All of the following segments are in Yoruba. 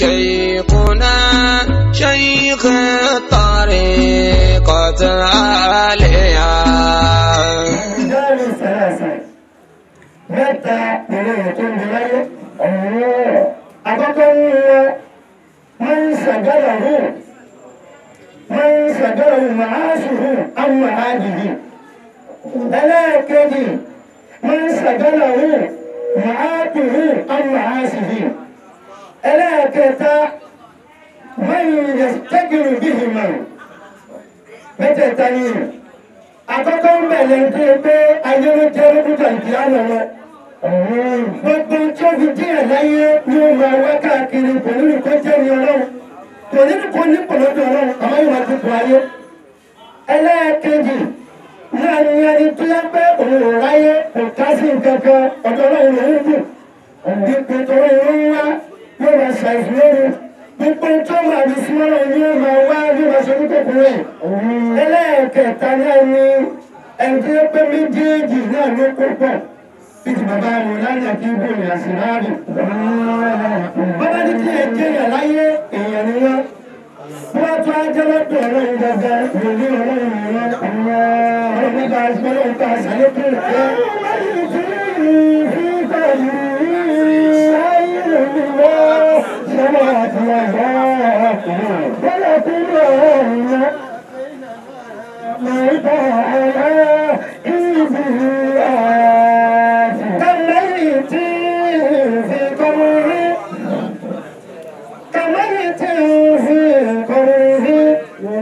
شيخنا شيخ الطريقة العالية ثلاثة متى من سجله من سجله معاشه ألا كذي من سجله معاته أو معاسه ẹlẹ́ẹ̀kẹta mẹ́yìnyẹ tẹ́gìrì bíi mẹ́rin mẹ́tẹ̀ẹ̀ta yìí àkọ́kọ́ ń bẹ̀rẹ̀ pé pé ayélujára dúdà ìdíyà lọ́wọ́ gbogbo tí ó fi díẹ̀ láyé ni ó máa wá káàkiri kò nínú kó jẹ́ ní ọlọ́run kò nínú kó ní pọ̀lọ́dọ̀ ọlọ́run àmọ́ yóò máa dúpọ̀ ayé ẹlẹ́ẹ̀kejì náà ni ẹni tó yẹ pé òun ò ráyé kò ká sí nǹkan kan ọ̀dọ̀ ọlọ́run mo wà ṣàìsílẹ́rù gbogbo tó máa di sí mọ́lá ní ó máa wá ní ìbáṣọ ní kòkòrò ẹ̀. ẹlẹ́ẹ̀kẹta náà ni ẹni tí ó pé méjèèjì náà ló kó pọ̀ títí bàbá mi láyé àti ibò ìrìn àṣìláàrì. bàbá ní kí ẹ jẹ́ èèyàn láyé èèyàn ni wọ́n. wọ́n tún ajẹ́ lọ́pọ̀ ọ̀rọ̀ ìgbàgbà ìròyìn ọlọ́run ìrọ̀ ọ̀rọ̀ nígbà ìgbàlóhùn tó àṣàlẹ́kùn ìfẹ́.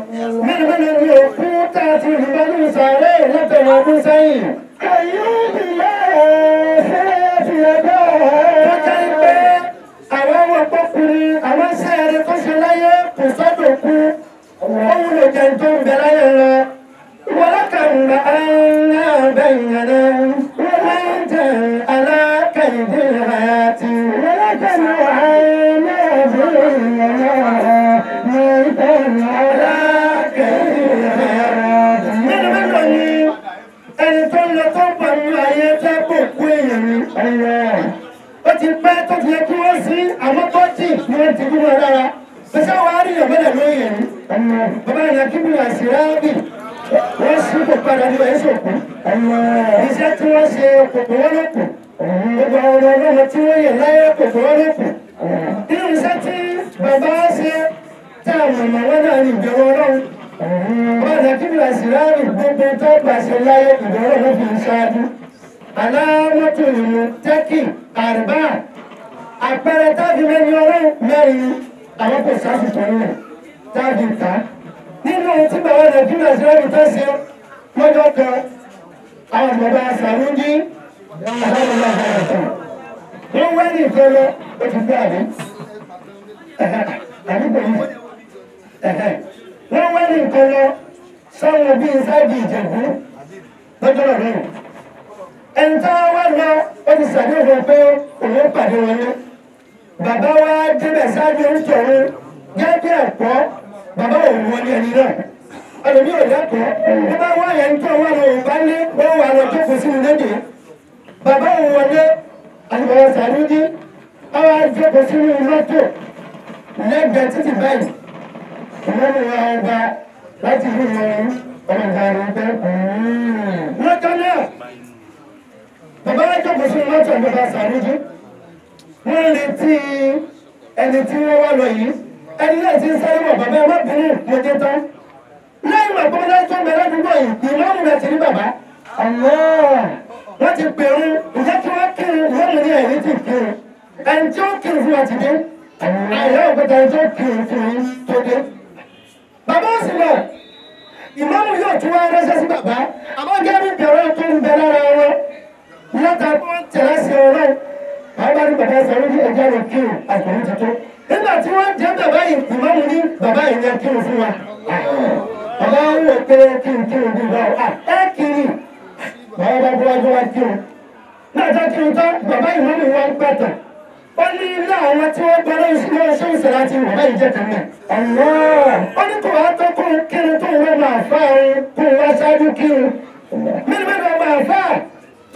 nínú nínú òkú tá a ti rìn bọ́lú ìsàlẹ̀ lọ́tẹ̀wọ̀ ọdún sẹ́yìn. kàyọ́ọ̀dì yóò ṣe é ti ẹgbẹ́ ọ̀hún. tó jẹ́ pé àwọn ọmọ ọkùnrin àwọn sẹ́ẹ̀rẹ́ tó ṣe láyé kò sọ́dọ̀ kú òun ló jẹun tó ń bẹ láyé ti pẹ́ tó ti yẹ kí wọ́n sí àmọ́ tó jì ní wọ́n ti kúrò rárá pẹ̀sẹ̀ wà á rìnrìn mọ́lẹ̀ lóye ní bàbá ìyá kíbi àṣírábì wọ́n sì kò padà ní ẹ̀ sòkú iṣẹ́ tí wọ́n ṣe kòkó wọn ló kù gbogbo àwọn ọmọ ọlọ́mọ tí wọ́n yẹ láyé kòkó wọn ló kù nínú iṣẹ́ tí bàbá ṣe tá a mọ̀ wọn náà ní ìbẹ̀rù ọlọ́run bàbá ìyá kíbi àṣírábì gbogbo tó gbàṣẹ láyé ìbẹ̀rù ọlọ́run fi ń ṣáájú alámọ́tòlù tẹ́kì àrùbá àpẹẹrẹ táàbì mẹ́rin ọlọ́run mẹ́rin àwọn kò sáfìfọ́ rẹ̀ táàbì ká nínú ohun tí bàbá rẹ̀ fún nàìjíríà tó ṣe lọ́jọ́ kan àwọn bàbá sàrúndí àbábọ̀lá àbáyọ̀tàn wọ́n wá ní ìfẹ́ lọ ó ti gbé àbí àdúgbò bíi sáàbì ìjẹ̀bú lọ́jọ́ rẹ̀ ẹni tó wá lọ ó ti sàdéhùn pé òun pàdé wọn ní. bàbá wa débẹ̀ sáájú orúkọ òun gẹ́gẹ́ ẹ̀kọ́ bàbá òun wọn ní ẹni náà ẹlòmí ò dákọ̀ bí bá wá yẹn tó wà lọ òun bá lé òun wà lọ jókòó sínú lédè bàbá òun wọlé àlùbọ̀wọ̀ sàlúdí àwọn àjókòó sínú lọ́tò lẹ́gbẹ̀ẹ́ títí báyìí ìwọ́n ọba láti rí ìwọ̀n ọmọ ìgbà rẹ̀ bẹ́ẹ̀ bàbá àjọkọ̀ sí mọ́tò bàbá sàrújú wọ́n retí ẹni tí wọ́n wá lọ yìí ẹni náà ti ń sáré mọ̀ bàbá ẹ̀rọ bìnrin mo dé tán lẹ́yìn màgbọ́n láti tún bẹ̀rẹ̀ àdúgbò yìí ìmọ̀ọ́nù rẹ̀ ti rí bàbá àmọ́ wọ́n ti pèrú ìjẹ́ kí wọ́n kiri wọ́n mú ní ẹ̀rí ti kiri ẹni tí ó kiri fún wa ti dé àyà òkúta ẹni tó kiri fún yín tó dé bàbá ó sì lọ ìmọ̀ọ́nù yóò tún wá rẹ́ṣẹ́ sí bàbá àmọ́ gẹ́gẹ́ bẹ̀rẹ̀ tó ń bẹ lára nígbà tí wọ́n tẹ̀lé sí ọ̀rọ̀ àwọn bá ní bàbá sọ̀rọ̀ ní ẹ̀jẹ̀ rẹ̀ kírun àkùnrin tuntun nígbà tí wọ́n jẹ́ bàbá yìí ìmọ̀mù ní bàbá yìí yẹn kírun fún wa. bàbá ń wò pé kírun kírun bí báwo ẹ kiri bàbá bá gbọ́dọ̀ wá kírun. nígbà kírun tán bàbá ìmọ̀mù wa ń pẹ̀tàn ó ní ilé àwọn tí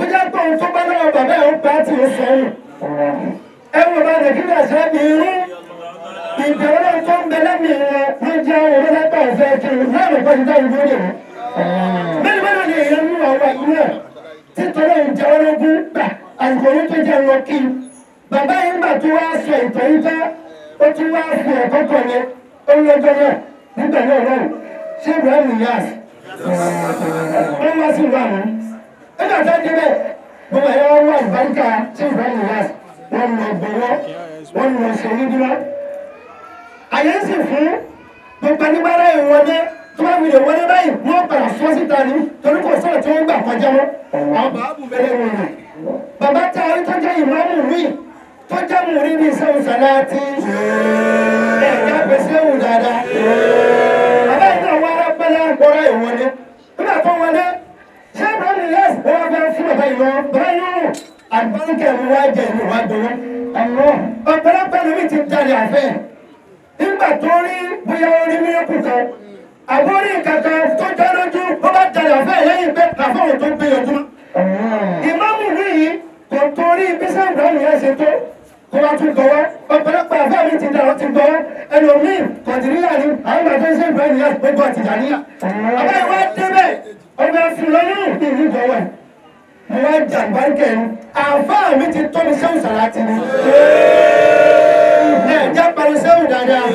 tó jẹ́ pé tó bá lọ́wọ́ bàbá ẹ̀ ń pa tì í sẹ́yìn ẹ̀wọ̀n bá nàìjíríà ṣe é bìírí ìgbà wọn tó ń bẹ lẹ́mìí rẹ ló jẹ́ òun lẹ́pẹ́ ọ̀fẹ́ kiri láàrín pẹ̀lú ìlú rẹ̀ mẹ́rin mẹ́rin ni èèyàn mú àwọn àdúrà títorí ìjẹ́ ológun gbà àgbòrò tó jẹ́ lọ kí bàbá yìí gbà tó wá sọ ìtọ́ yìí tán ó tún wá fi ẹ̀kọ́ pọ̀ yẹn ó náà nígbà náà lọ́rùn ṣé ìbúra nìyá ó wá sí ìlú àná nígbà tó débẹ̀ gbogbo ẹ̀rọ wà ìbáríkà tí ìbáríkà wà wọ́n lọ bọ̀wọ́ wọ́n lọ sẹ́yìn dúró. àyè ń sì fún gbogbo anígbára ìwọlé tó bá wulè wọlé báyìí wọ́n padà sọ síta ní torí kò sọ̀rọ̀ tí wọ́n gbà kọjá wọn. àwọn bàbá bẹ̀rẹ̀ wọn rẹ̀. bàbá tá a rí tó jẹ́ ìmáàmù mi tó jẹ́ mùrí ní sẹ́wù sàláàtì. ẹ̀ka pèsè wù dáadáa. bàbá yìí náà wọ́n arábẹ́lẹ́ àgbọ̀rọ̀ ìwọlé. nígbà tó wọlé ṣé báyìí yẹ ẹ wá bẹ́ẹ̀ fún ọ̀gá ìlọ báyìí àgbáńkẹ́ mi wá jẹ ìlú wa dùn ọ̀rọ̀ ọ̀pọ̀lọpọ̀ ẹni mi ti dalẹ̀ àfẹ́ nígbà tó rí bóyá orí mi kù kan àbórí kankan tó jẹ́ lójú ó bá dalẹ̀ àfẹ́ lẹ́yìn pé àfọwọ́ tó gbìyànjú. ìmáàmù mi yìí kò torí bísí ìdáhùn yẹn ṣe tó kó wá tún gbọ́wọ́ ọ̀pọ̀lọpọ̀ àfẹ́ mi ti dàrọ́ ti gbọ́wọ́ ẹlòmíì nàìjíríà ni àwọn bàbá iṣẹ́ ìgbà ìyá gbogbo àtìjàníyà bàbá ìwà débẹ̀ ọmọ ẹ̀sìn lọ́yún ìdí ìlú ìjọba mo wá jàǹbáríkẹ̀ ni àǹfààní mi ti tọ́ mi sẹ́wọ̀n sàrà ti ni. ẹ jẹ́ pẹ̀lú sẹ́wọ̀n dáadáa.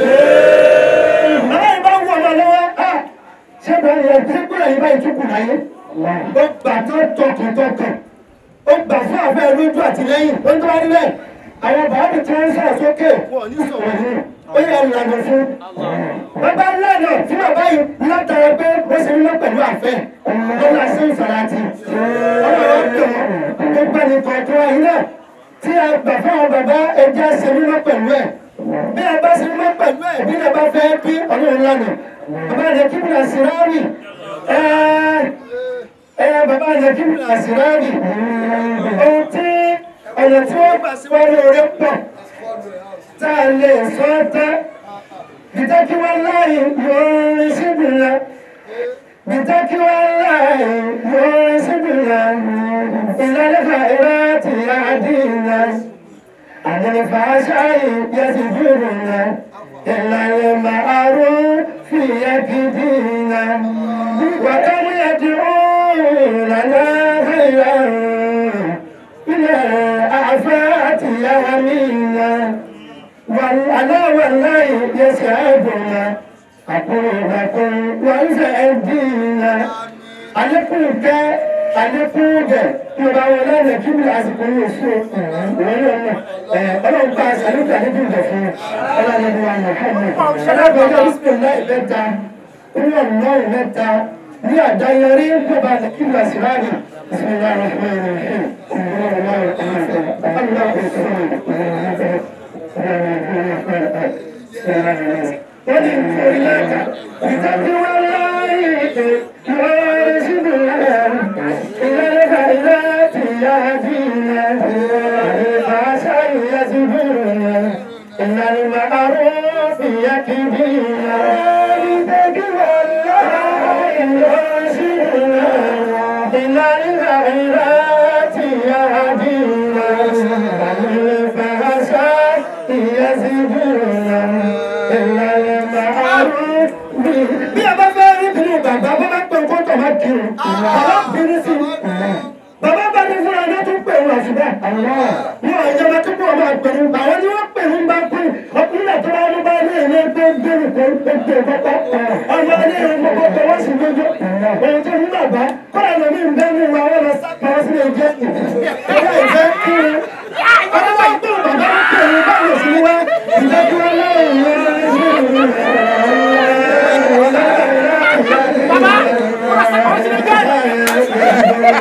bàbá ìbá wù ọ̀nà lọ́wọ́ ṣé bàbá ìyá ìgbésẹ̀ ìbá ìtúkù láyé ó gbà tó tọkàntọkàn ó gbà fún àfẹ́ lójú àtìlẹ́yìn ó ń tọ́ àwọn bàbá tí wọ́n ń sọ̀rọ̀ sókè ó yẹ ìlànà fún bàbá ńlànà tí bàbá yìí látara pé wọ́n ṣe ń lọ pẹ̀lú àfẹ́ lọ́la sí ìfarati ọlọ́run tó nípa nípa ètò ayé náà tí a gbà fún àwọn bàbá ẹja ṣe ń lọ pẹ̀lú ẹ̀ bí a bá ṣe ń lọ pẹ̀lú ẹ̀ bí a bá fẹ́ bí ọlọ́run lánàá bàbá rẹ̀ kí ni àṣíráàrì ẹ ẹ bàbá rẹ̀ kí ni ẹ̀yẹ tí wọ́n gbà sí wọ́n lóore pọ̀ tá a lè sọ tán gbìtẹ́ kí wọ́n láàyè lóore síbi lọ gbìtẹ́ kí wọ́n láàyè lóore síbi lọ ìlàlẹ́fà ìrántí àdínlá àlẹ́fà aṣáyè yẹtì dúró lọ ìlànà màárù fìyà gidi lọ wàtá mú yẹ ti rú ìlànà fìyà منا أنا والله يسعدنا أقولكم وأنزعدنا ألقوك ألقوك Yorùbá wọn lọ́nà kí mi àsìkò yìí èso ìwọlé ọ̀nà ọlọ́run bá aṣọ àlùkò àlejò ìjọ fún un ọlọ́run ni wọn yàn fún mi. Alábọ̀dé ìsìnkú náà mẹ́ta ìwọ̀n náà mẹ́ta ní àdáyẹrí Yorùbá lè kí mi àsìkò àlejò ìsìnkú náà rẹ̀ fún mi. المعروف يكفينا والدك والله bí a bá fẹ́ rí bínú bàbá bá bá pè kó tọ̀mọ́ kiri bàbá bínú sí bàbá bá ní fúnra ní tún pè wọ́n síbẹ̀ ní ọjọ́ bá tún pọ̀ máa pè ní bàbá ni wọ́n pè ní bá pè ọkùnrin tó bá ní bá ní ilé tó